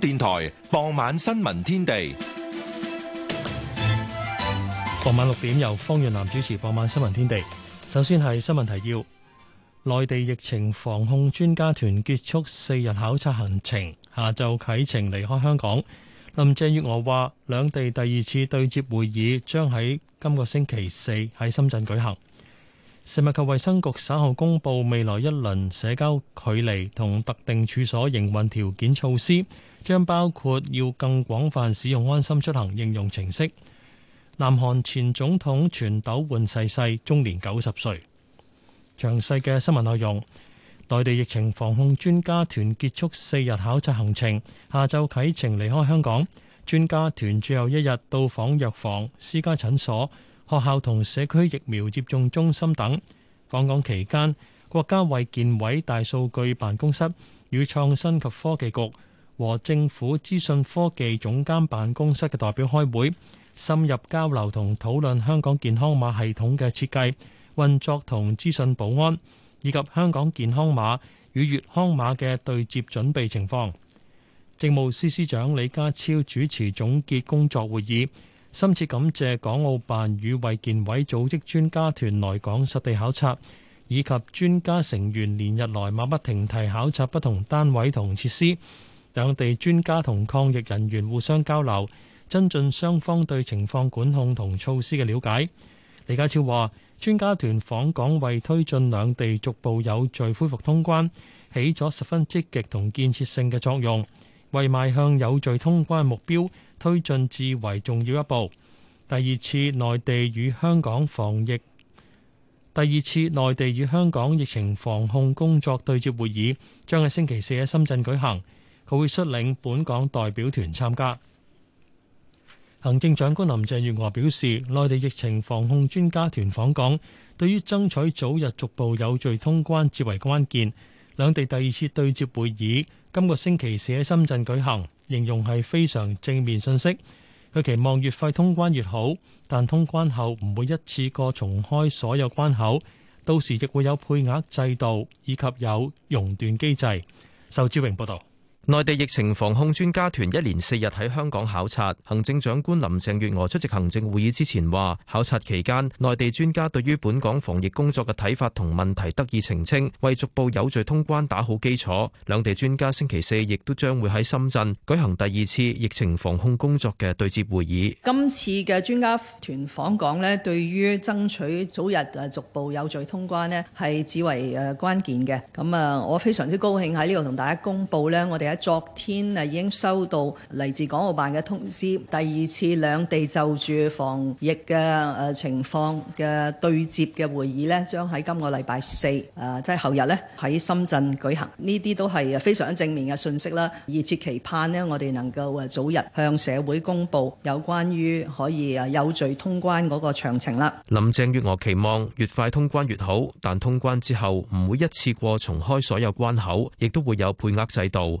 電台傍，傍晚新聞天地，傍晚六點由方潤南主持。傍晚新聞天地，首先係新聞提要。內地疫情防控專家團結束四日考察行程，下晝啟程離開香港。林鄭月娥話，兩地第二次對接會議將喺今個星期四喺深圳舉行。食物及衛生局稍後公布未來一輪社交距離同特定處所營運條件措施。將包括要更廣泛使用安心出行應用程式。南韓前總統全斗煥逝世，終年九十歲。詳細嘅新聞內容，內地疫情防控專家團結束四日考察行程，下晝啟程離開香港。專家團最後一日到訪藥房、私家診所、學校同社區疫苗接種中心等。訪港期間，國家衛健委大數據辦公室與創新及科技局。和政府資訊科技總監辦公室嘅代表開會，深入交流同討論香港健康碼系統嘅設計、運作同資訊保安，以及香港健康碼與粵康碼嘅對接準備情況。政務司司長李家超主持總結工作會議，深切感謝港澳辦與衞健委組織專家團來港實地考察，以及專家成員連日來馬不停蹄考察不同單位同設施。兩地專家同抗疫人員互相交流，增進雙方對情況管控同措施嘅了解。李家超話：專家團訪港為推進兩地逐步有序恢復通關，起咗十分積極同建設性嘅作用，為邁向有序通關目標推進至為重要一步。第二次內地與香港防疫，第二次內地與香港疫情防控工作對接會議將喺星期四喺深圳舉行。佢會率領本港代表團參加。行政長官林鄭月娥表示，內地疫情防控專家團訪港，對於爭取早日逐步有序通關至為關鍵。兩地第二次對接會議今個星期時喺深圳舉行，形容係非常正面信息。佢期望越快通關越好，但通關後唔會一次過重開所有關口，到時亦會有配額制度以及有熔斷機制。仇志榮報導。內地疫情防控專家團一連四日喺香港考察，行政長官林鄭月娥出席行政會議之前話，考察期間內地專家對於本港防疫工作嘅睇法同問題得以澄清，為逐步有序通關打好基礎。兩地專家星期四亦都將會喺深圳舉行第二次疫情防控工作嘅對接會議。今次嘅專家團訪港咧，對於爭取早日誒逐步有序通關咧係至為誒關鍵嘅。咁啊，我非常之高興喺呢度同大家公布咧，我哋。喺昨天啊，已經收到嚟自港澳辦嘅通知，第二次兩地就住防疫嘅誒情況嘅對接嘅會議咧，將喺今個禮拜四啊，即係後日咧喺深圳舉行。呢啲都係非常正面嘅信息啦，熱切期盼咧，我哋能夠誒早日向社會公布有關於可以誒有序通關嗰個詳情啦。林鄭月娥期望越快通關越好，但通關之後唔會一次過重開所有關口，亦都會有配額制度。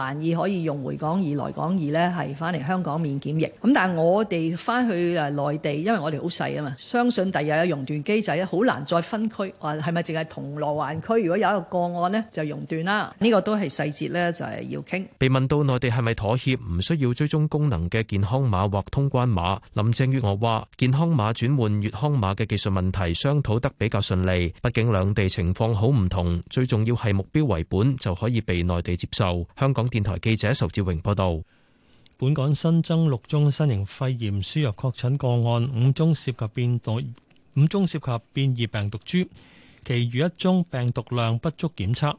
難以可以用回港易來港易呢係翻嚟香港免檢疫。咁但係我哋翻去誒內地，因為我哋好細啊嘛，相信第日有熔斷機制，咧好難再分區。話係咪淨係銅鑼灣區？如果有一個個案呢，就熔斷啦。呢、呢個都係細節呢，就係要傾。被問到內地係咪妥協，唔需要追蹤功能嘅健康碼或通關碼，林鄭月娥話：健康碼轉換粵康碼嘅技術問題商討得比較順利。畢竟兩地情況好唔同，最重要係目標為本就可以被內地接受。香港。電台記者仇志榮報道，本港新增六宗新型肺炎輸入確診個案，五宗涉及變代，五宗涉及變異病毒株，其餘一宗病毒量不足檢測。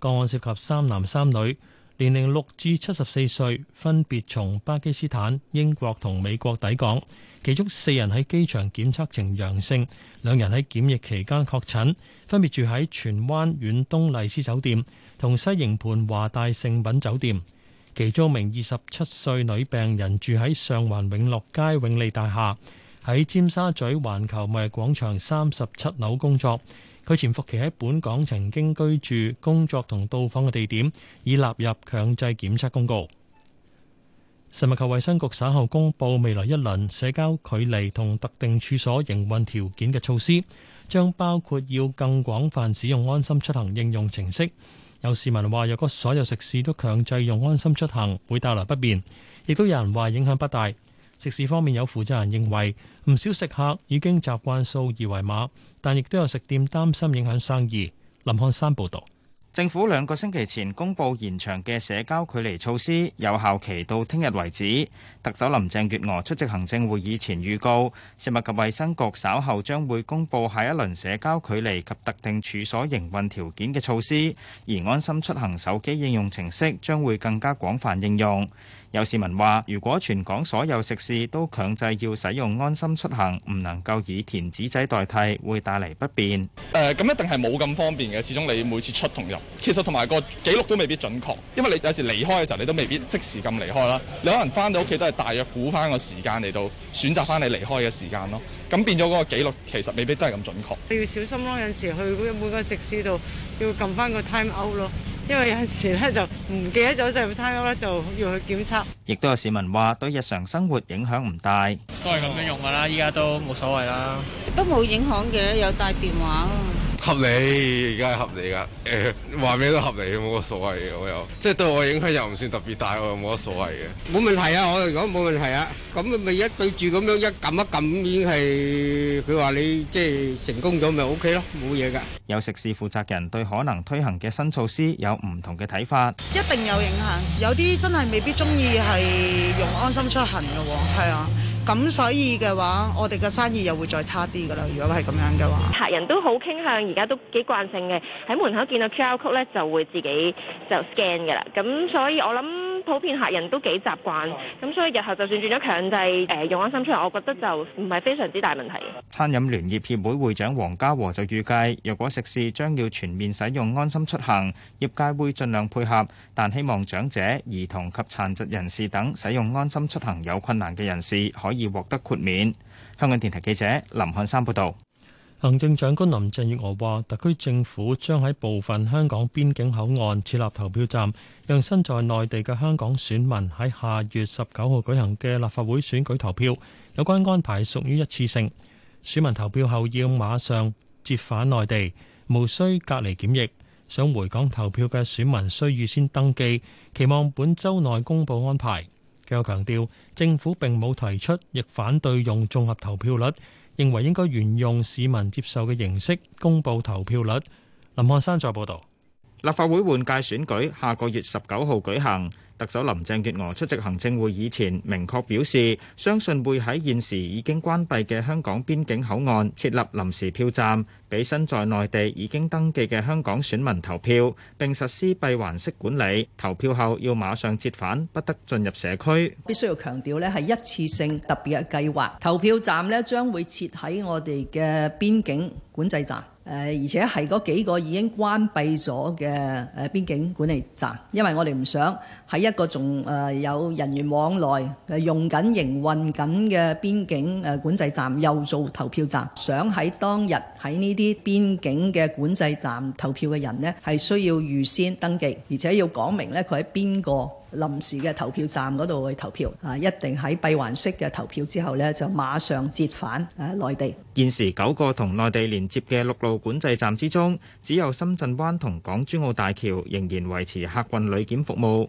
個案涉及三男三女。年齡六至七十四歲，分別從巴基斯坦、英國同美國抵港，其中四人喺機場檢測呈陽性，兩人喺檢疫期間確診，分別住喺荃灣遠東麗斯酒店同西營盤華大盛品酒店，其中一名二十七歲女病人住喺上環永樂街永利大廈，喺尖沙咀環球貿易廣場三十七樓工作。佢潛伏期喺本港曾經居住、工作同到訪嘅地點，已納入強制檢測公告。食物及衞生局稍後公布未來一輪社交距離同特定處所營運條件嘅措施，將包括要更廣泛使用安心出行應用程式。有市民話，若果所有食肆都強制用安心出行，會帶來不便，亦都有人話影響不大。食肆方面有負責人認為，唔少食客已經習慣掃二維碼，但亦都有食店擔心影響生意。林漢山報導。政府兩個星期前公布延長嘅社交距離措施，有效期到聽日為止。特首林鄭月娥出席行政會議前預告，食物及衛生局稍後將會公布下一輪社交距離及特定處所營運條件嘅措施，而安心出行手機應用程式將會更加廣泛應用。有市民話，如果全港所有食肆都強制要使用安心出行，唔能夠以填紙仔代替，會帶嚟不便。誒、呃，咁一定係冇咁方便嘅。始終你每次出同入，其實同埋個記錄都未必準確，因為你有時離開嘅時候，你都未必即時咁離開啦。你可能翻到屋企都係大約估翻個時間嚟到選擇翻你離開嘅時間咯。咁變咗嗰個記錄其實未必真係咁準確。你要小心咯，有時去每個食肆度要撳翻個 time out 咯。因為有時咧就唔記得咗就差唔多就要去檢測。亦都有市民話對日常生活影響唔大，都係咁樣用㗎啦，依家都冇所謂啦，都冇影響嘅，有帶電話合理，而家係合理㗎。誒、呃，話咩都合理，冇乜所謂嘅。我又，即係對我影響又唔算特別大，我又冇乜所謂嘅。冇問題啊，我哋講冇問題啊。咁咪一對住咁樣一撳一撳已經係，佢話你即係成功咗咪 OK 咯，冇嘢㗎。有食肆負責人對可能推行嘅新措施有唔同嘅睇法。一定有影響，有啲真係未必中意係用安心出行嘅喎、哦，係啊。咁所以嘅話，我哋嘅生意又會再差啲噶啦。如果係咁樣嘅話，客人都好傾向，而家都幾慣性嘅。喺門口見到 QR code 咧，就會自己就 scan 噶啦。咁所以，我諗普遍客人都幾習慣。咁所以，日後就算轉咗強制誒用安心出行，我覺得就唔係非常之大問題。餐飲聯業協會會長黃家和就預計，若果食肆將要全面使用安心出行，業界會盡量配合，但希望長者、兒童及殘疾人士等使用安心出行有困難嘅人士可可以獲得豁免。香港電台記者林漢山報道，行政長官林鄭月娥話，特區政府將喺部分香港邊境口岸設立投票站，讓身在內地嘅香港選民喺下月十九號舉行嘅立法會選舉投票。有關安排屬於一次性，選民投票後要馬上折返內地，無需隔離檢疫。想回港投票嘅選民需預先登記，期望本周內公布安排。又強調，政府並冇提出，亦反對用綜合投票率，認為應該沿用市民接受嘅形式公佈投票率。林漢山再報道，立法會換屆選舉下個月十九號舉行。特首林鄭月娥出席行政會議前，明確表示，相信會喺現時已經關閉嘅香港邊境口岸設立臨時票站，俾身在內地已經登記嘅香港選民投票，並實施閉環式管理。投票後要馬上折返，不得進入社區。必須要強調咧，係一次性特別嘅計劃。投票站咧，將會設喺我哋嘅邊境管制站。誒，而且係嗰幾個已經關閉咗嘅誒邊境管理站，因為我哋唔想喺一個仲誒有人員往來、誒用緊營運緊嘅邊境誒管制站又做投票站。想喺當日喺呢啲邊境嘅管制站投票嘅人呢，係需要預先登記，而且要講明咧佢喺邊個。臨時嘅投票站嗰度去投票啊！一定喺閉環式嘅投票之後呢，就馬上折返誒內地。現時九個同內地連接嘅陸路管制站之中，只有深圳灣同港珠澳大橋仍然維持客運旅檢服務。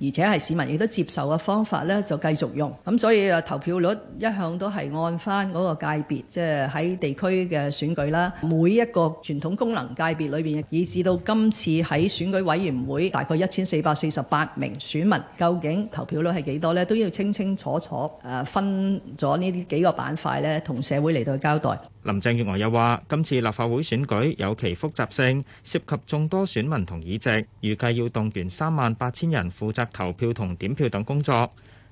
而且係市民亦都接受嘅方法咧，就繼續用。咁所以啊投票率一向都係按翻嗰個界別，即係喺地區嘅選舉啦。每一個傳統功能界別裏邊，以至到今次喺選舉委員會，大概一千四百四十八名選民，究竟投票率係幾多咧？都要清清楚楚誒、呃、分咗呢啲幾個板塊咧，同社會嚟到交代。林鄭月娥又話：今次立法會選舉有其複雜性，涉及眾多選民同議席，預計要動員三萬八千人負責投票同點票等工作。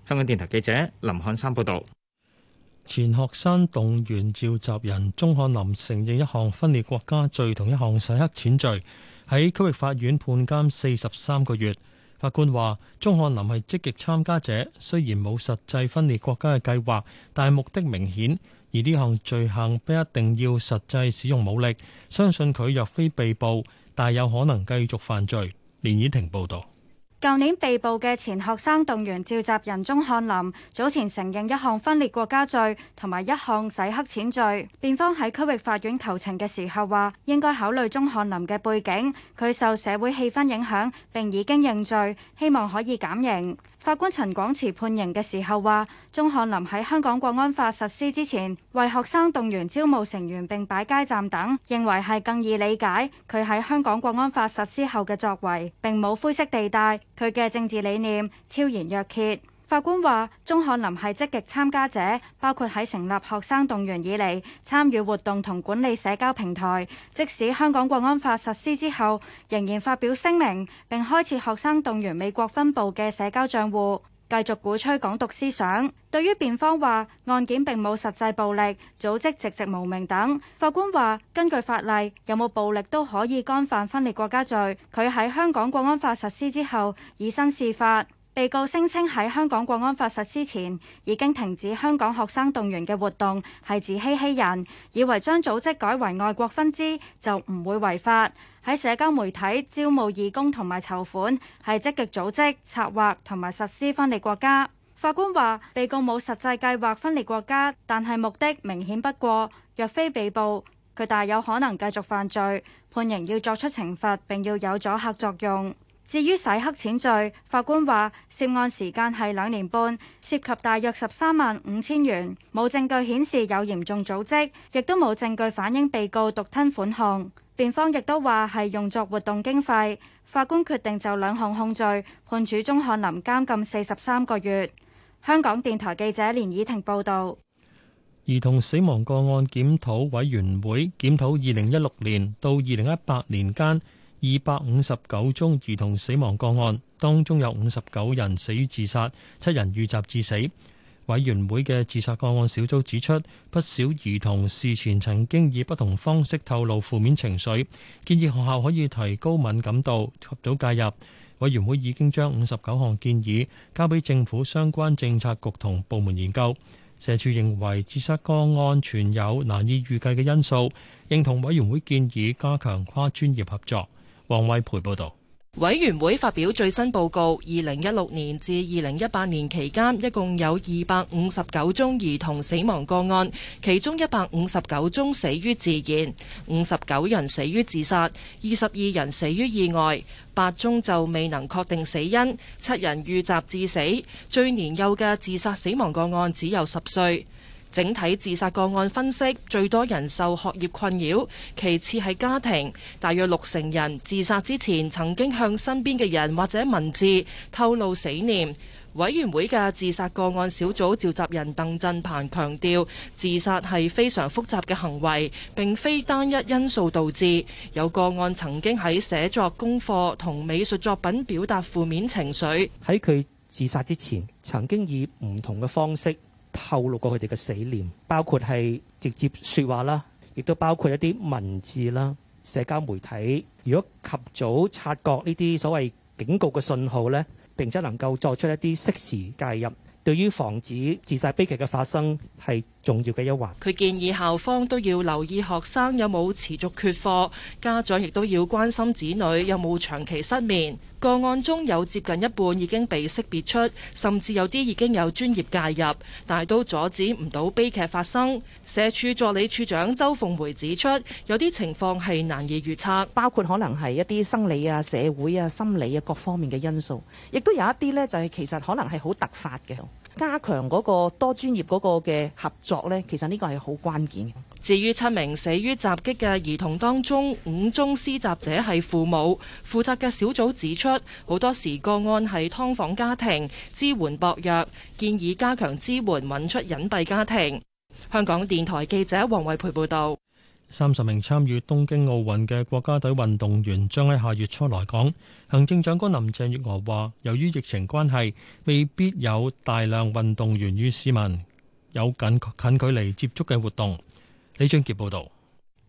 香港電台記者林漢山報道。前學生動員召集人鍾漢林承認一項分裂國家罪同一項洗黑錢罪，喺區域法院判監四十三個月。法官話：鍾漢林係積極參加者，雖然冇實際分裂國家嘅計劃，但係目的明顯。而呢項罪行不一定要實際使用武力，相信佢若非被捕，大有可能繼續犯罪。連綺婷報道，舊年被捕嘅前學生動員召集人鐘漢林，早前承認一項分裂國家罪同埋一項洗黑錢罪。辯方喺區域法院求情嘅時候話，應該考慮鐘漢林嘅背景，佢受社會氣氛影響，並已經認罪，希望可以減刑。法官陳廣慈判刑嘅時候話，鍾漢林喺香港國安法實施之前為學生動員招募成員，並擺街站等，認為係更易理解佢喺香港國安法實施後嘅作為，並冇灰色地帶。佢嘅政治理念昭然若揭。法官話，鍾翰林係積極參加者，包括喺成立學生動員以嚟參與活動同管理社交平台。即使香港國安法實施之後，仍然發表聲明並開設學生動員美國分部嘅社交賬戶，繼續鼓吹港獨思想。對於辯方話案件並冇實際暴力、組織籍籍無名等，法官話根據法例，有冇暴力都可以干犯分裂國家罪。佢喺香港國安法實施之後以身試法。被告聲稱喺香港國安法實施前已經停止香港學生動員嘅活動，係自欺欺人，以為將組織改為外國分支就唔會違法。喺社交媒體招募義工同埋籌款，係積極組織策劃同埋實施分裂國家。法官話，被告冇實際計劃分裂國家，但係目的明顯不過。若非被捕，佢大有可能繼續犯罪，判刑要作出懲罰，並要有阻嚇作用。至於洗黑錢罪，法官話涉案時間係兩年半，涉及大約十三萬五千元，冇證據顯示有嚴重組織，亦都冇證據反映被告獨吞款項。辯方亦都話係用作活動經費。法官決定就兩項控罪判處鍾漢林監禁四十三個月。香港電台記者連以婷報導。兒童死亡個案檢討委員會檢討二零一六年到二零一八年間，二百五十九宗兒童死亡個案，當中有五十九人死於自殺，七人遇襲致死。委員會嘅自殺個案小組指出，不少兒童事前曾經以不同方式透露負面情緒，建議學校可以提高敏感度，及早介入。委員會已經將五十九項建議交俾政府相關政策局同部門研究。社署認為自殺個案存有難以預計嘅因素，認同委員會建議加強跨專業合作。黃惠培報道，委員會發表最新報告，二零一六年至二零一八年期間，一共有二百五十九宗兒童死亡個案，其中一百五十九宗死於自然，五十九人死於自殺，二十二人死於意外，八宗就未能確定死因，七人遇襲致死。最年幼嘅自殺死亡個案只有十歲。整體自殺個案分析，最多人受學業困擾，其次係家庭。大約六成人自殺之前曾經向身邊嘅人或者文字透露死念。委員會嘅自殺個案小組召集人鄧振鵬強調，自殺係非常複雜嘅行為，並非單一因素導致。有個案曾經喺寫作功課同美術作品表達負面情緒。喺佢自殺之前，曾經以唔同嘅方式透露過佢哋嘅死念，包括係直接說話啦，亦都包括一啲文字啦、社交媒體，如果及早察覺呢啲所謂警告嘅信號咧，並且能夠作出一啲適時介入，對於防止自殺悲劇嘅發生係。重要嘅一環，佢建議校方都要留意學生有冇持續缺課，家長亦都要關心子女有冇長期失眠。個案中有接近一半已經被識別出，甚至有啲已經有專業介入，但係都阻止唔到悲劇發生。社署助理處長周鳳梅指出，有啲情況係難以預測，包括可能係一啲生理啊、社會啊、心理啊各方面嘅因素，亦都有一啲呢，就係其實可能係好突發嘅。加強嗰個多專業嗰個嘅合作。其實呢個係好關鍵。至於七名死於襲擊嘅兒童當中，五宗施襲者係父母。負責嘅小組指出，好多時個案係劏房家庭，支援薄弱，建議加強支援，揾出隱蔽家庭。香港電台記者黃慧培報道，三十名參與東京奧運嘅國家隊運動員將喺下月初來港。行政長官林鄭月娥話，由於疫情關係，未必有大量運動員與市民有近近距離接觸嘅活動。李俊杰報導，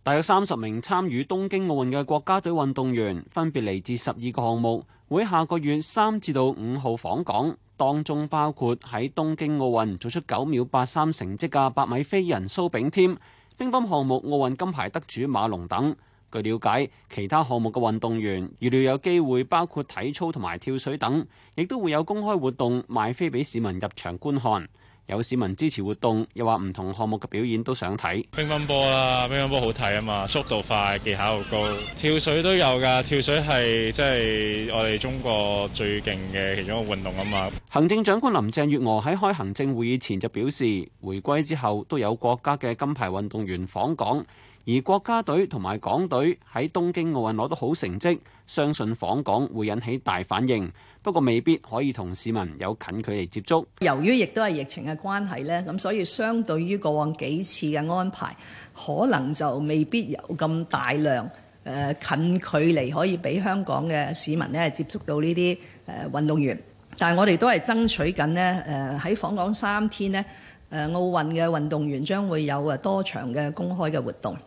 大約三十名參與東京奧運嘅國家隊運動員，分別嚟自十二個項目，會下個月三至到五號訪港，當中包括喺東京奧運做出九秒八三成績嘅百米飛人蘇炳添、乒乓項目奧運金牌得主馬龍等。據了解，其他項目嘅運動員預料有機會包括體操同埋跳水等，亦都會有公開活動賣飛俾市民入場觀看。有市民支持活動，又話唔同項目嘅表演都想睇。乒乓波啦，乒乓波好睇吖嘛，速度快，技巧又高。跳水都有㗎，跳水係即係我哋中國最勁嘅其中一個運動吖嘛。行政長官林鄭月娥喺開行政會議前就表示，回歸之後都有國家嘅金牌運動員訪港。而國家隊同埋港隊喺東京奧運攞到好成績，相信訪港會引起大反應。不過未必可以同市民有近距離接觸。由於亦都係疫情嘅關係呢，咁所以相對於過往幾次嘅安排，可能就未必有咁大量誒近距離可以俾香港嘅市民呢接觸到呢啲誒運動員。但係我哋都係爭取緊呢誒喺訪港三天呢誒奧運嘅運動員將會有誒多場嘅公開嘅活動。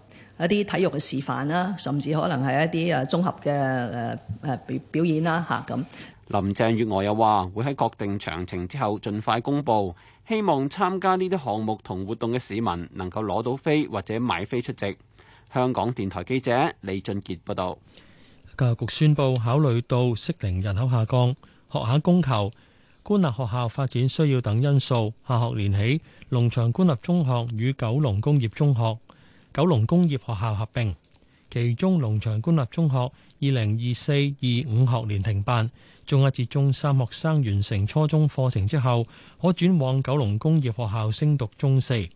一啲體育嘅示範啦，甚至可能係一啲誒綜合嘅誒誒表表演啦嚇咁。林鄭月娥又話：會喺確定詳情之後盡快公佈，希望參加呢啲項目同活動嘅市民能夠攞到飛或者買飛出席。香港電台記者李俊傑報道，教育局宣布考慮到適齡人口下降、學校供求、官立學校發展需要等因素，下學年起，龍翔官立中學與九龍工業中學、九龍工業學校合併，其中龍翔官立中學二零二四二五學年停辦，中一至中三學生完成初中課程之後，可轉往九龍工業學校升讀中四。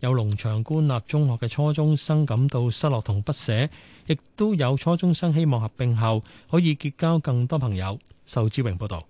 有龍翔官立中學嘅初中生感到失落同不捨，亦都有初中生希望合併後可以結交更多朋友。仇志榮報道。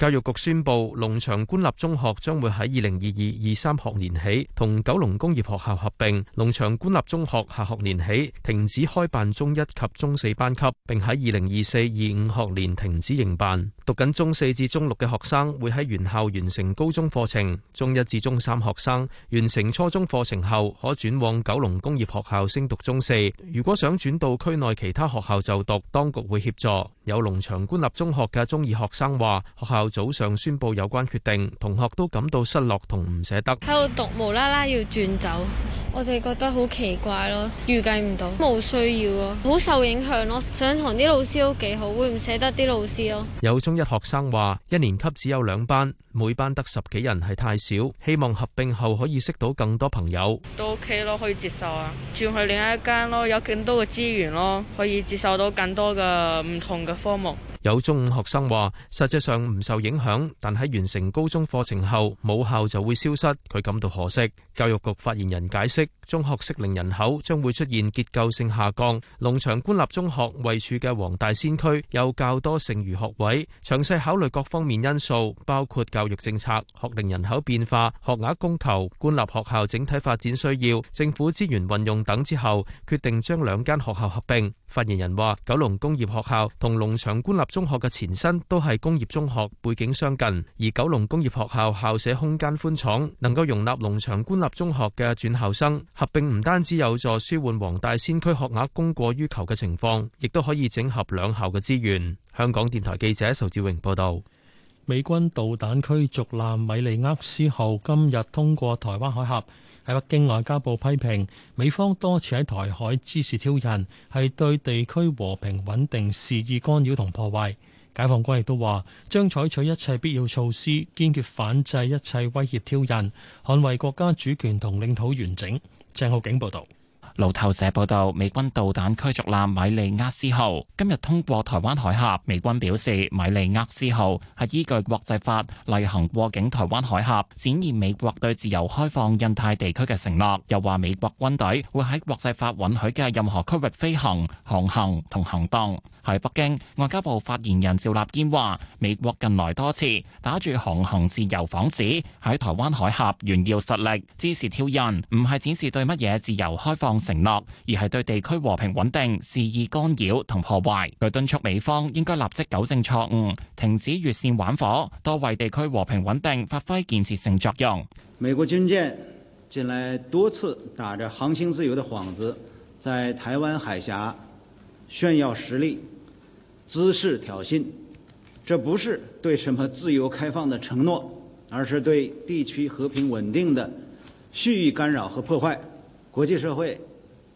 教育局宣布，農場官立中學將會喺二零二二二三學年起同九龍工業學校合併。農場官立中學下學年起停止開辦中一及中四班級，並喺二零二四二五學年停止營辦。讀緊中四至中六嘅學生會喺原校完成高中課程，中一至中三學生完成初中課程後可轉往九龍工業學校升讀中四。如果想轉到區內其他學校就讀，當局會協助。有農場官立中學嘅中二學生話：，學校。早上宣布有關決定，同學都感到失落同唔捨得，喺度讀無啦啦要轉走。我哋覺得好奇怪咯，預計唔到，冇需要咯，好受影響咯。想同啲老師都幾好，會唔捨得啲老師咯。有中一學生話：一年級只有兩班，每班得十幾人係太少，希望合併後可以識到更多朋友。都 OK 咯，可以接受啊。轉去另一間咯，有更多嘅資源咯，可以接受到更多嘅唔同嘅科目。有中五學生話：實際上唔受影響，但喺完成高中課程後，母校就會消失，佢感到可惜。教育局發言人解釋。中學適齡人口將會出現結構性下降，龍翔官立中學位處嘅黃大仙區有較多剩餘學位。詳細考慮各方面因素，包括教育政策、學齡人口變化、學額供求、官立學校整體發展需要、政府資源運用等之後，決定將兩間學校合併。發言人話：九龍工業學校同龍翔官立中學嘅前身都係工業中學，背景相近，而九龍工業學校校舍空間寬敞，能夠容納龍翔官立中學嘅轉校生。合併唔單止有助舒緩黃大仙區學額供過於求嘅情況，亦都可以整合兩校嘅資源。香港電台記者仇志榮報道。美軍導彈驅逐艦米利厄斯號今日通過台灣海峽。喺北京外交部批評美方多次喺台海滋事挑釁，係對地區和平穩定肆意干擾同破壞。解放軍亦都話，將採取一切必要措施，堅決反制一切威脅挑釁，捍衛國家主權同領土完整。鄭浩景報道。路透社報道，美軍導彈驅逐艦米利厄斯號今日通過台灣海峽。美軍表示，米利厄斯號係依據國際法例行過境台灣海峽，展現美國對自由開放印太地區嘅承諾。又話美國軍隊會喺國際法允許嘅任何區域飛行、航行同行動。喺北京，外交部發言人趙立堅話，美國近來多次打住航行自由幌子，喺台灣海峽炫耀實力、滋事挑釁，唔係展示對乜嘢自由開放。承諾，而係對地區和平穩定肆意干擾同破壞。佢敦促美方應該立即糾正錯誤，停止越綫玩火，多為地區和平穩定發揮建設性作用。美國軍艦近來多次打着航行自由的幌子，在台灣海峽炫耀實力、滋事挑釁，這不是對什麼自由開放的承諾，而是對地區和平穩定的蓄意干擾和破壞。國際社會。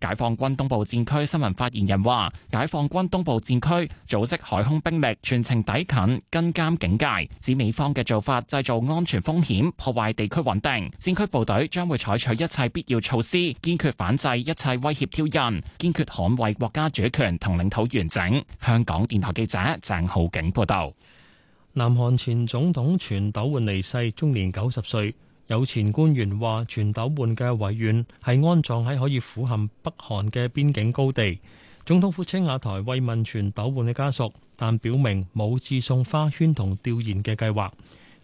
解放軍東部戰區新聞發言人話：解放軍東部戰區組織海空兵力全程抵近跟監警戒，指美方嘅做法製造安全風險，破壞地區穩定。戰區部隊將會採取一切必要措施，堅決反制一切威脅挑釁，堅決捍衛國家主權同領土完整。香港電台記者鄭浩景報道。南韓前總統全斗煥離世，終年九十歲。有前官員話，全斗煥嘅遺願係安葬喺可以俯瞰北韓嘅邊境高地。總統府青瓦台慰問全斗煥嘅家屬，但表明冇致送花圈同吊唁嘅計劃。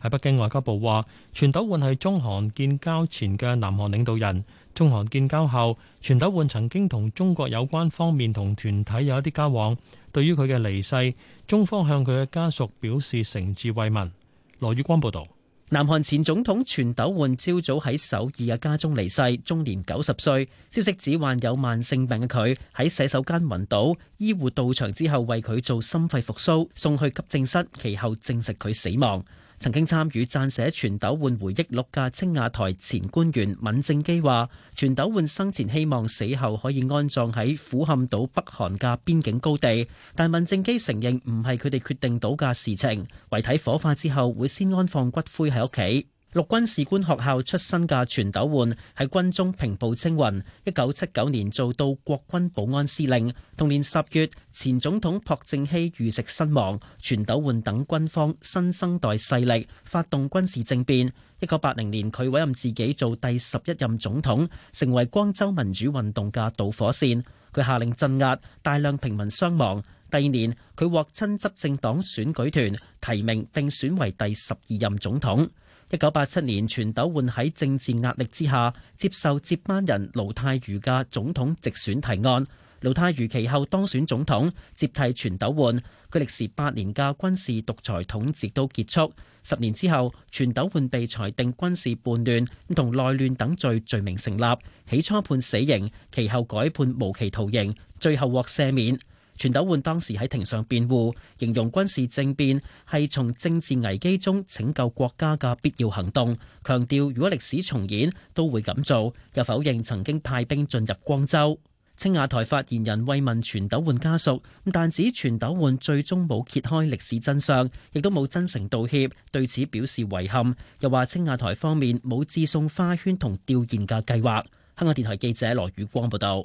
喺北京外交部話，全斗煥係中韓建交前嘅南韓領導人。中韓建交後，全斗煥曾經同中國有關方面同團體有一啲交往。對於佢嘅離世，中方向佢嘅家屬表示誠摯慰問。羅宇光報道。南韓前總統全斗煥朝早喺首爾嘅家中離世，終年九十歲。消息指患有慢性病嘅佢喺洗手間暈倒，醫護到場之後為佢做心肺復甦，送去急症室，其後證實佢死亡。曾經參與撰寫全斗煥回憶錄嘅青瓦台前官員敏正基話：全斗煥生前希望死後可以安葬喺俯瞰到北韓嘅邊境高地，但敏正基承認唔係佢哋決定到嘅事情。遺體火化之後會先安放骨灰喺屋企。陸軍士官學校出身嘅全斗煥喺軍中平步青雲，一九七九年做到國軍保安司令。同年十月，前總統朴正熙遇刺身亡，全斗煥等軍方新生代勢力發動軍事政變。一九八零年，佢委任自己做第十一任總統，成為光州民主運動嘅導火線。佢下令鎮壓，大量平民傷亡。第二年，佢獲新執政黨選舉團提名，並選為第十二任總統。一九八七年，全斗煥喺政治壓力之下接受接班人盧泰愚嘅總統直選提案，盧泰愚其後當選總統，接替全斗煥。佢歷時八年嘅軍事獨裁統治都結束。十年之後，全斗煥被裁定軍事叛亂同內亂等罪罪名成立，起初判死刑，其後改判無期徒刑，最後獲赦免。全斗煥當時喺庭上辯護，形容軍事政變係從政治危機中拯救國家嘅必要行動，強調如果歷史重演都會咁做，又否認曾經派兵進入光州。青瓦台發言人慰問全斗煥家屬，但指全斗煥最終冇揭開歷史真相，亦都冇真誠道歉，對此表示遺憾。又話青瓦台方面冇致送花圈同吊唁嘅計劃。香港電台記者羅宇光報道。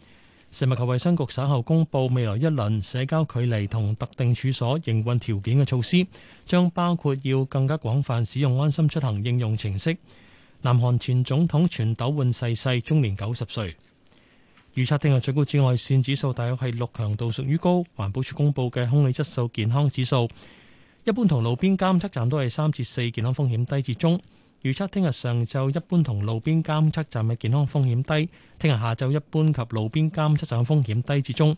食物及衞生局稍後公布未來一輪社交距離同特定處所營運條件嘅措施，將包括要更加廣泛使用安心出行應用程式。南韓前總統全斗煥逝世，終年九十歲。預測聽日最高紫外線指數大約係六強度，屬於高。環保署公佈嘅空氣質素健康指數，一般同路邊監測站都係三至四，健康風險低至中。預測聽日上晝一般同路邊監測站嘅健康風險低，聽日下晝一般及路邊監測站風險低至中。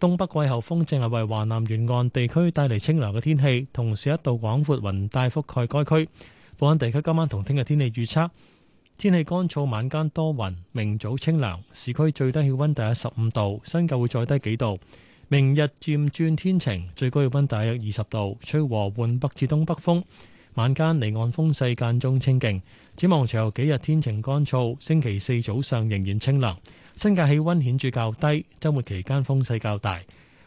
東北季候風正係為華南沿岸地區帶嚟清涼嘅天氣，同時一道廣闊雲帶覆蓋該區。本港地區今晚同聽日天氣預測：天氣乾燥，晚間多雲，明早清涼，市區最低氣溫大約十五度，新界會再低幾度。明日漸轉天晴，最高氣溫大約二十度，吹和緩北至東北風。晚間離岸風勢間中清勁，展望隨後幾日天晴乾燥，星期四早上仍然清涼。新界氣温顯著較低，周末期間風勢較大。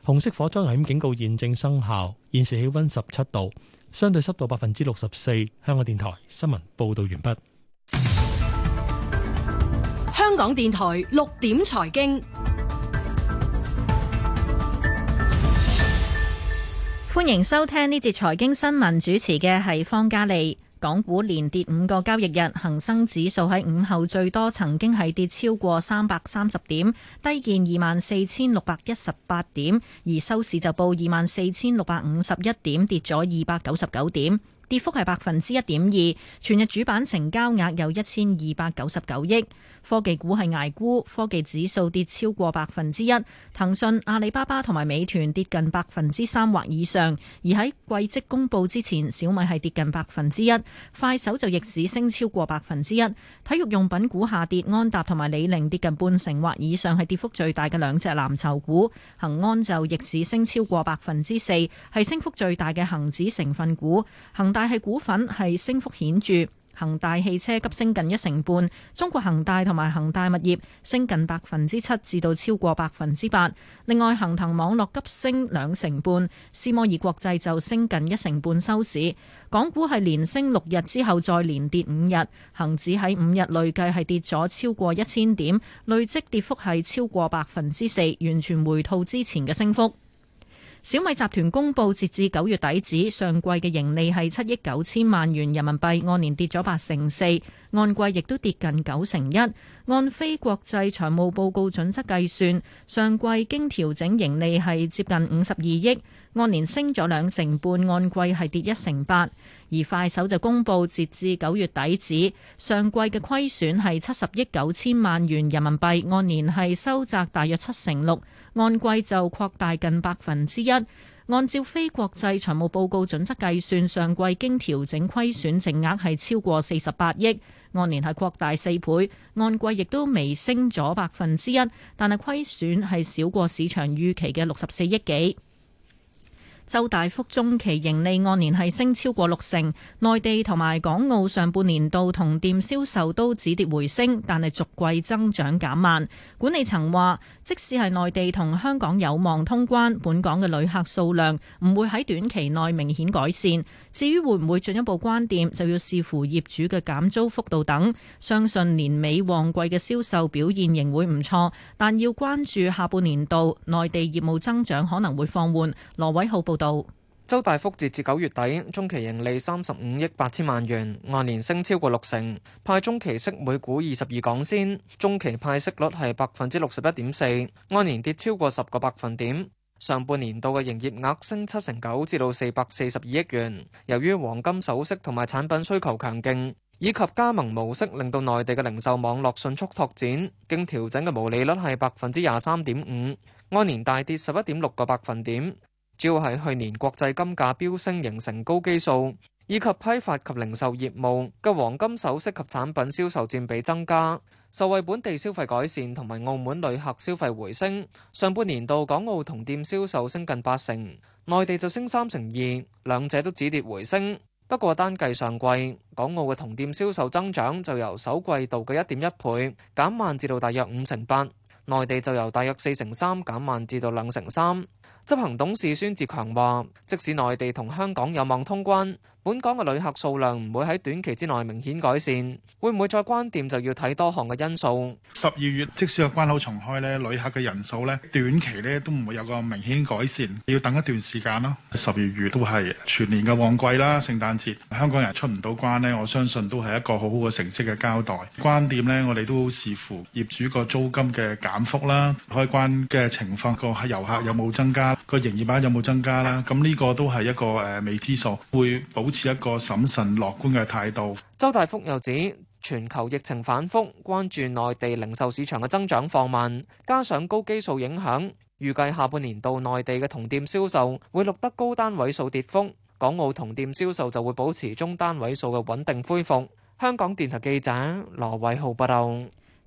紅色火災危險警告現正生效，現時氣温十七度，相對濕度百分之六十四。香港電台新聞報道完畢。香港電台六點財經。歡迎收聽呢節財經新聞，主持嘅係方嘉利。港股連跌五個交易日，恒生指數喺午後最多曾經係跌超過三百三十點，低見二萬四千六百一十八點，而收市就報二萬四千六百五十一點，跌咗二百九十九點，跌幅係百分之一點二。全日主板成交額有一千二百九十九億。科技股係捱沽，科技指數跌超過百分之一，騰訊、阿里巴巴同埋美團跌近百分之三或以上。而喺季績公布之前，小米係跌近百分之一，快手就逆市升超過百分之一。體育用品股下跌，安踏同埋李寧跌近半成或以上，係跌幅最大嘅兩隻藍籌股。恒安就逆市升超過百分之四，係升幅最大嘅恒指成分股。恒大系股份係升幅顯著。恒大汽車急升近一成半，中國恒大同埋恒大物業升近百分之七，至到超過百分之八。另外，恒騰網絡急升兩成半，斯摩爾國際就升近一成半收市。港股係連升六日之後，再連跌五日，恒指喺五日累計係跌咗超過一千點，累積跌幅係超過百分之四，完全回吐之前嘅升幅。小米集團公布截至九月底止上季嘅盈利係七億九千萬元人民幣，按年跌咗八成四，按季亦都跌近九成一。按非國際財務報告準則計算，上季經調整盈利係接近五十二億，按年升咗兩成半，按季係跌一成八。而快手就公布，截至九月底止，上季嘅虧損係七十億九千萬元人民幣，按年係收窄大約七成六，按季就擴大近百分之一。按照非國際財務報告準則計算，上季經調整虧損淨額係超過四十八億，按年係擴大四倍，按季亦都微升咗百分之一，但係虧損係少過市場預期嘅六十四億幾。周大福中期盈利按年係升超過六成，內地同埋港澳上半年度同店銷售都止跌回升，但係逐季增長減慢。管理層話，即使係內地同香港有望通關，本港嘅旅客數量唔會喺短期內明顯改善。至於會唔會進一步關店，就要視乎業主嘅減租幅度等。相信年尾旺季嘅銷售表現仍會唔錯，但要關注下半年度內地業務增長可能會放緩。羅偉浩報。到周大福截至九月底中期盈利三十五億八千萬元，按年升超過六成，派中期息每股二十二港仙，中期派息率係百分之六十一點四，按年跌超過十個百分點。上半年度嘅營業額升七成九，至到四百四十二億元。由於黃金首飾同埋產品需求強勁，以及加盟模式令到內地嘅零售網絡迅速拓展，經調整嘅毛利率係百分之廿三點五，按年大跌十一點六個百分點。主要係去年國際金價飆升形成高基數，以及批發及零售業務嘅黃金首飾及產品銷售佔比增加，受惠本地消費改善同埋澳門旅客消費回升。上半年度港澳同店銷售升近八成，內地就升三成二，兩者都止跌回升。不過單計上季，港澳嘅同店銷售增長就由首季度嘅一點一倍減慢至到大約五成八。內地就由大約四成三減慢至到兩成三。執行董事孫志強話，即使內地同香港有望通關。本港嘅旅客數量唔會喺短期之內明顯改善，會唔會再關店就要睇多項嘅因素。十二月即使個關口重開咧，旅客嘅人數咧短期咧都唔會有個明顯改善，要等一段時間咯。十二月都係全年嘅旺季啦，聖誕節香港人出唔到關咧，我相信都係一個好好嘅成績嘅交代。關店咧，我哋都視乎業主個租金嘅減幅啦，開關嘅情況個遊客有冇增加，個營業額有冇增加啦。咁呢個都係一個誒未知數，會保持一個審慎樂觀嘅態度。周大福又指，全球疫情反覆，關注內地零售市場嘅增長放慢，加上高基數影響，預計下半年度內地嘅同店銷售會錄得高單位數跌幅，港澳同店銷售就會保持中單位數嘅穩定恢復。香港電台記者羅偉浩報道。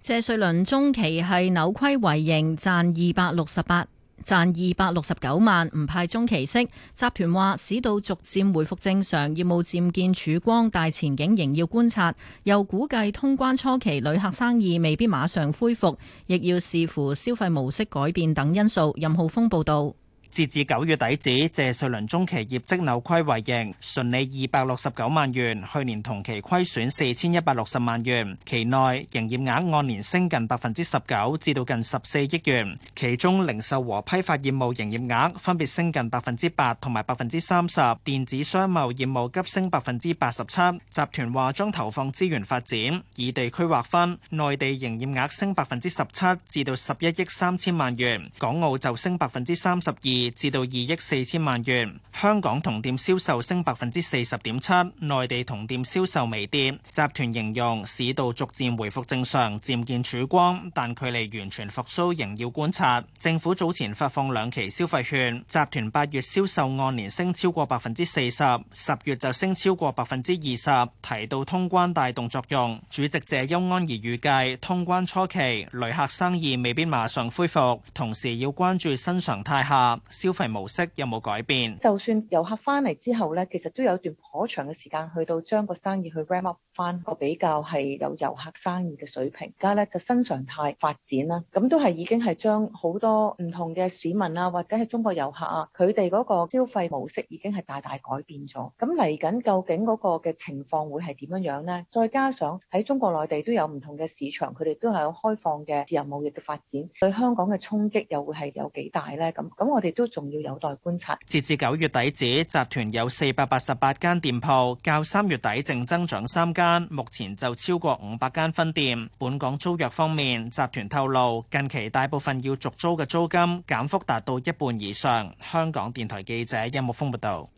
謝瑞麟中期係扭虧為盈，賺二百六十八。賺二百六十九萬，唔派中期息。集團話市道逐漸回復正常，業務漸見曙光，但前景仍要觀察。又估計通關初期旅客生意未必馬上恢復，亦要視乎消費模式改變等因素。任浩峰報道。截至九月底止，謝瑞麟中期業績扭虧為盈，純利二百六十九萬元，去年同期虧損四千一百六十萬元。期內，營業額按年升近百分之十九，至到近十四億元。其中，零售和批發業務營業額分別升近百分之八同埋百分之三十，電子商貿業務急升百分之八十七。集團話將投放資源發展。以地區劃分，內地營業額升百分之十七，至到十一億三千萬元；港澳就升百分之三十二。至到二億四千萬元，香港同店銷售升百分之四十點七，內地同店銷售微跌。集團形容市道逐漸回復正常，漸見曙光，但距離完全復甦仍要觀察。政府早前發放兩期消費券，集團八月銷售按年升超過百分之四十，十月就升超過百分之二十，提到通關帶動作用。主席謝邱安怡預計，通關初期，旅客生意未必馬上恢復，同時要關注新常態下。消費模式有冇改變，就算遊客翻嚟之後咧，其實都有段頗長嘅時間，去到將個生意去 ramp up。翻個比較係有遊客生意嘅水平，而家呢就新常態發展啦，咁都係已經係將好多唔同嘅市民啦、啊，或者係中國遊客啊，佢哋嗰個消費模式已經係大大改變咗。咁嚟緊究竟嗰個嘅情況會係點樣樣呢？再加上喺中國內地都有唔同嘅市場，佢哋都係有開放嘅自由貿易嘅發展，對香港嘅衝擊又會係有幾大呢？咁咁我哋都仲要有待觀察。截至九月底止，集團有四百八十八間店鋪，較三月底淨增長三間。目前就超過五百間分店。本港租約方面，集團透露近期大部分要續租嘅租金減幅達到一半以上。香港電台記者任木峯報道，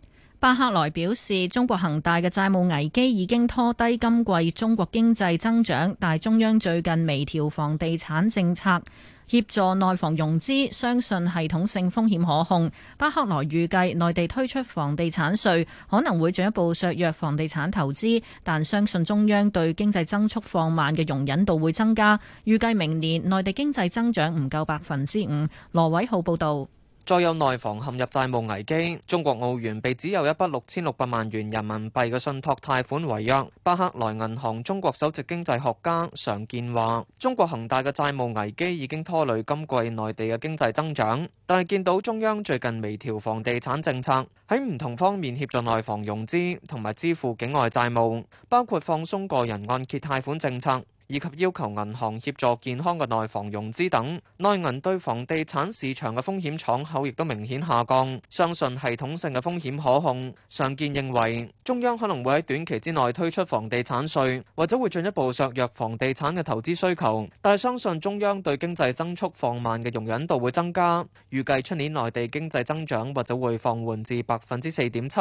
巴克萊表示，中國恒大嘅債務危機已經拖低今季中國經濟增長，但中央最近微調房地產政策。協助內房融資，相信系統性風險可控。巴克萊預計內地推出房地產稅可能會進一步削弱房地產投資，但相信中央對經濟增速放慢嘅容忍度會增加，預計明年內地經濟增長唔夠百分之五。羅偉浩報導。再有內房陷入債務危機，中國奧園被指有一筆六千六百萬元人民幣嘅信託貸款違約，巴克萊銀行中國首席經濟學家常健話，中國恒大嘅債務危機已經拖累今季內地嘅經濟增長，但係見到中央最近微調房地產政策，喺唔同方面協助內房融資同埋支付境外債務，包括放鬆個人按揭貸款政策。以及要求銀行協助健康嘅內房融資等，內銀對房地產市場嘅風險敞口亦都明顯下降，相信系統性嘅風險可控。常健認為中央可能會喺短期之內推出房地產稅，或者會進一步削弱房地產嘅投資需求，但係相信中央對經濟增速放慢嘅容忍度會增加，預計出年內地經濟增長或者會放緩至百分之四點七。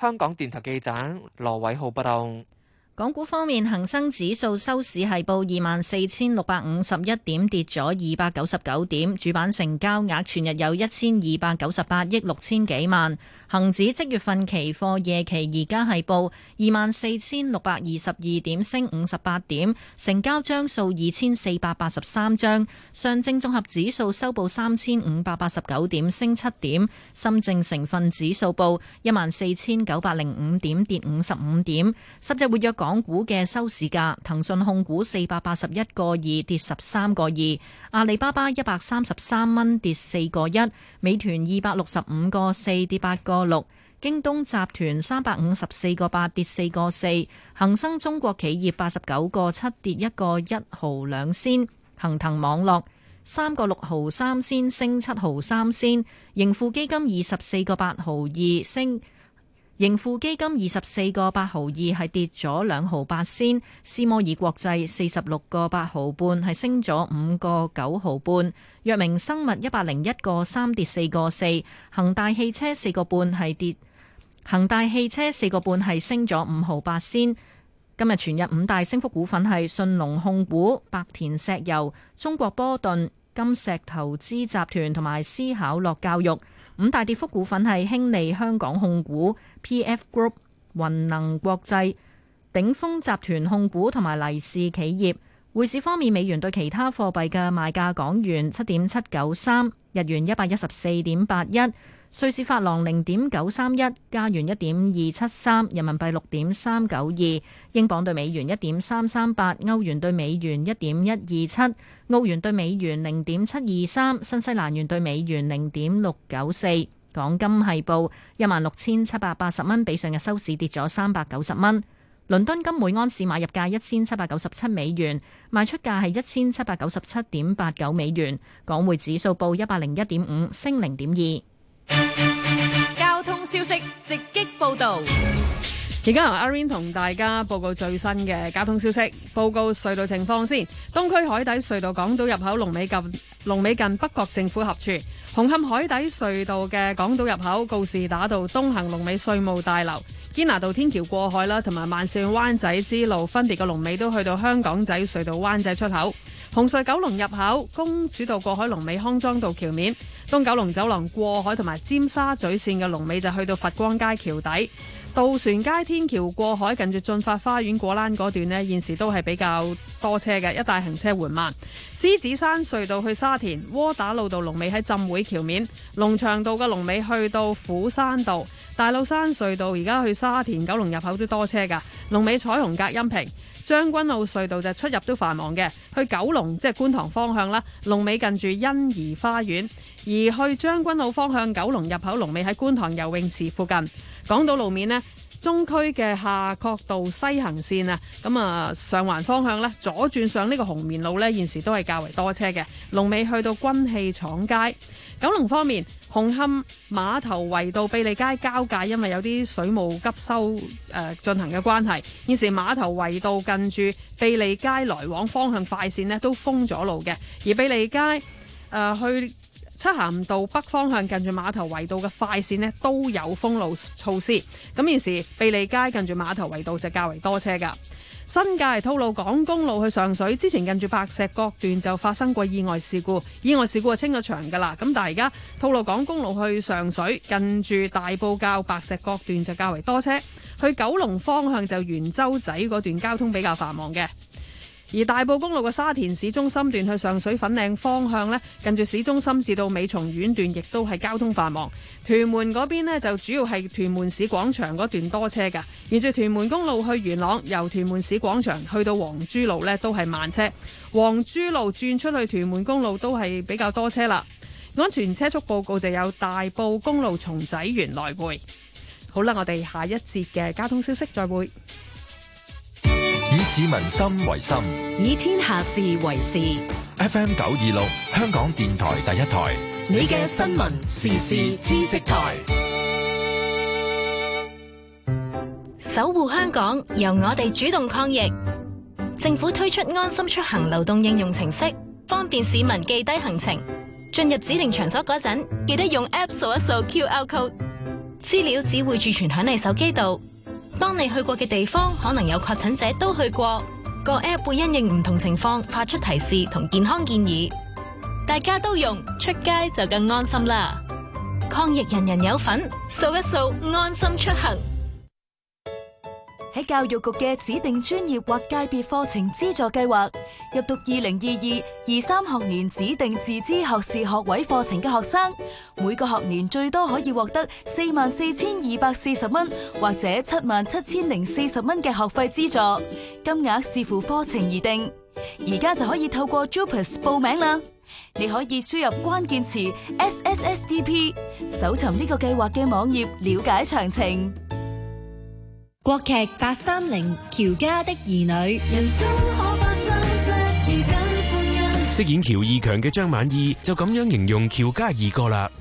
香港電台記者羅偉浩報道。港股方面，恒生指數收市係報二萬四千六百五十一點，跌咗二百九十九點，主板成交額全日有一千二百九十八億六千幾萬。恒指即月份期貨夜期而家係報二萬四千六百二十二點，升五十八點，成交張數二千四百八十三張。上證綜合指數收報三千五百八十九點，升七點。深證成分指數報一萬四千九百零五點，跌五十五點。十隻活躍港股嘅收市價：騰訊控股四百八十一個二，跌十三個二；阿里巴巴一百三十三蚊，跌四個一；美團二百六十五個四，跌八個。個六，京東集團三百五十四個八跌四個四，恒生中國企業八十九個七跌一個一毫兩仙，恒騰網絡三個六毫三仙升七毫三仙，盈富基金二十四個八毫二升，盈富基金二十四個八毫二係跌咗兩毫八仙，斯摩爾國際四十六個八毫半係升咗五個九毫半，藥明生物一百零一個三跌四個四，恒大汽車四個半係跌，恒大汽車四個半係升咗五毫八仙。今日全日五大升幅股份係信隆控股、百田石油、中國波頓、金石投資集團同埋思考樂教育，五大跌幅股份係興利香港控股、TF Group 雲能國際、鼎峰集團控股同埋利是企業。匯市方面，美元對其他貨幣嘅賣價：港元七點七九三，日元一百一十四點八一，瑞士法郎零點九三一，加元一點二七三，人民幣六點三九二，英鎊對美元一點三三八，歐元對美元一點一二七，澳元對美元零點七二三，新西蘭元對美元零點六九四。港金係報一萬六千七百八十蚊，16，比上日收市跌咗三百九十蚊。倫敦金每安士買入價一千七百九十七美元，賣出價係一千七百九十七點八九美元。港匯指數報一百零一點五，升零點二。交通消息直擊報道。而家由阿 rain 同大家報告最新嘅交通消息，報告隧道情況先。東區海底隧道港島入口龍尾及龍尾近北角政府合署；紅磡海底隧道嘅港島入口告士打道東行龍尾稅務大樓；堅拿道天橋過海啦，同埋慢線灣仔之路分別嘅龍尾都去到香港仔隧道灣仔出口；紅隧九龍入口公主道過海龍尾康莊道橋面；東九龍走廊過海同埋尖沙咀線嘅龍尾就去到佛光街橋底。渡船街天橋過海，近住駿發花園果欄嗰段呢，現時都係比較多車嘅，一帶行車緩慢。獅子山隧道去沙田窩打老道龍尾喺浸會橋面，龍翔道嘅龍尾去到虎山道，大老山隧道而家去沙田九龍入口都多車噶，龍尾彩虹隔音屏將軍澳隧道就出入都繁忙嘅，去九龍即係觀塘方向啦，龍尾近住欣怡花園，而去將軍澳方向九龍入口龍尾喺觀塘游泳池附近。港島路面呢，中區嘅夏慤道西行綫啊，咁啊上環方向咧，左轉上呢個紅棉路咧，現時都係較為多車嘅。龍尾去到軍器廠街。九龍方面，紅磡碼頭圍道庇利街交界，因為有啲水務急修誒進行嘅關係，現時碼頭圍道近住庇利街來往方向快線呢，都封咗路嘅，而庇利街誒、呃、去。漆咸道北方向近住碼頭圍道嘅快線咧都有封路措施，咁現時庇利街近住碼頭圍道就較為多車噶。新界吐露港公路去上水，之前近住白石角段就發生過意外事故，意外事故係清咗場噶啦，咁但係而家吐露港公路去上水近住大埔滘白石角段就較為多車，去九龍方向就圓洲仔嗰段交通比較繁忙嘅。而大埔公路嘅沙田市中心段去上水粉嶺方向呢，近住市中心至到美松苑段亦都係交通繁忙。屯門嗰邊呢，就主要係屯門市廣場嗰段多車嘅，沿住屯門公路去元朗，由屯門市廣場去到黃珠路呢，都係慢車，黃珠路轉出去屯門公路都係比較多車啦。安全車速報告就有大埔公路松仔園來回。好啦，我哋下一節嘅交通消息再會。以民心為心，以天下事為事。FM 九二六，香港電台第一台，你嘅新聞、時事、知識台，守護香港，由我哋主動抗疫。政府推出安心出行流動應用程式，方便市民記低行程。進入指定場所嗰陣，記得用 App 掃一掃 QR code，資料只會儲存響你手機度。當你去過嘅地方，可能有確診者都去過，個 App 會因應唔同情況發出提示同健康建議，大家都用，出街就更安心啦！抗疫人人有份，掃一掃，安心出行。喺教育局嘅指定專業或界別課程資助計劃入讀二零二二、二三學年指定自資學士學位課程嘅學生，每個學年最多可以獲得四萬四千二百四十蚊或者七萬七千零四十蚊嘅學費資助，金額視乎課程而定。而家就可以透過 JUPAS 報名啦！你可以輸入關鍵詞 S S S D P，搜尋呢個計劃嘅網頁，了解詳情。國劇八三零喬家的兒女，飾演喬二強嘅張晚意就咁樣形容喬家二哥啦。